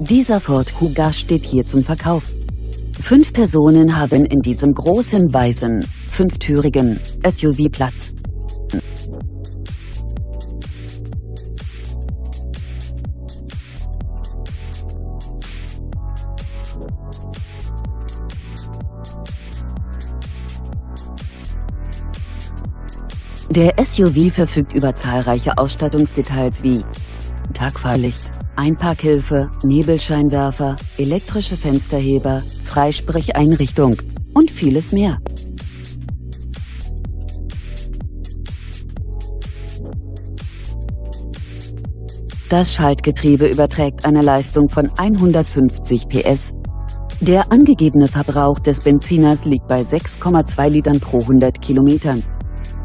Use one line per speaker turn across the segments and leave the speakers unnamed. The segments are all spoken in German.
Dieser Ford Kuga steht hier zum Verkauf. Fünf Personen haben in diesem großen weißen, fünftürigen SUV Platz. Der SUV verfügt über zahlreiche Ausstattungsdetails wie Tagfahrlicht, Einparkhilfe, Nebelscheinwerfer, elektrische Fensterheber, Freisprecheinrichtung und vieles mehr. Das Schaltgetriebe überträgt eine Leistung von 150 PS. Der angegebene Verbrauch des Benziners liegt bei 6,2 Litern pro 100 Kilometern.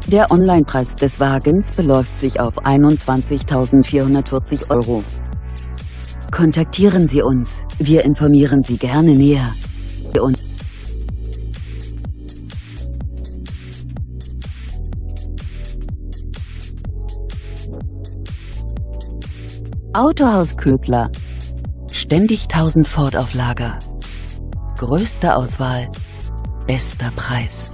Der Onlinepreis des Wagens beläuft sich auf 21.440 Euro. Kontaktieren Sie uns, wir informieren Sie gerne näher. Und Autohaus Ködler. Ständig 1000 Ford auf Lager. Größte Auswahl, bester Preis.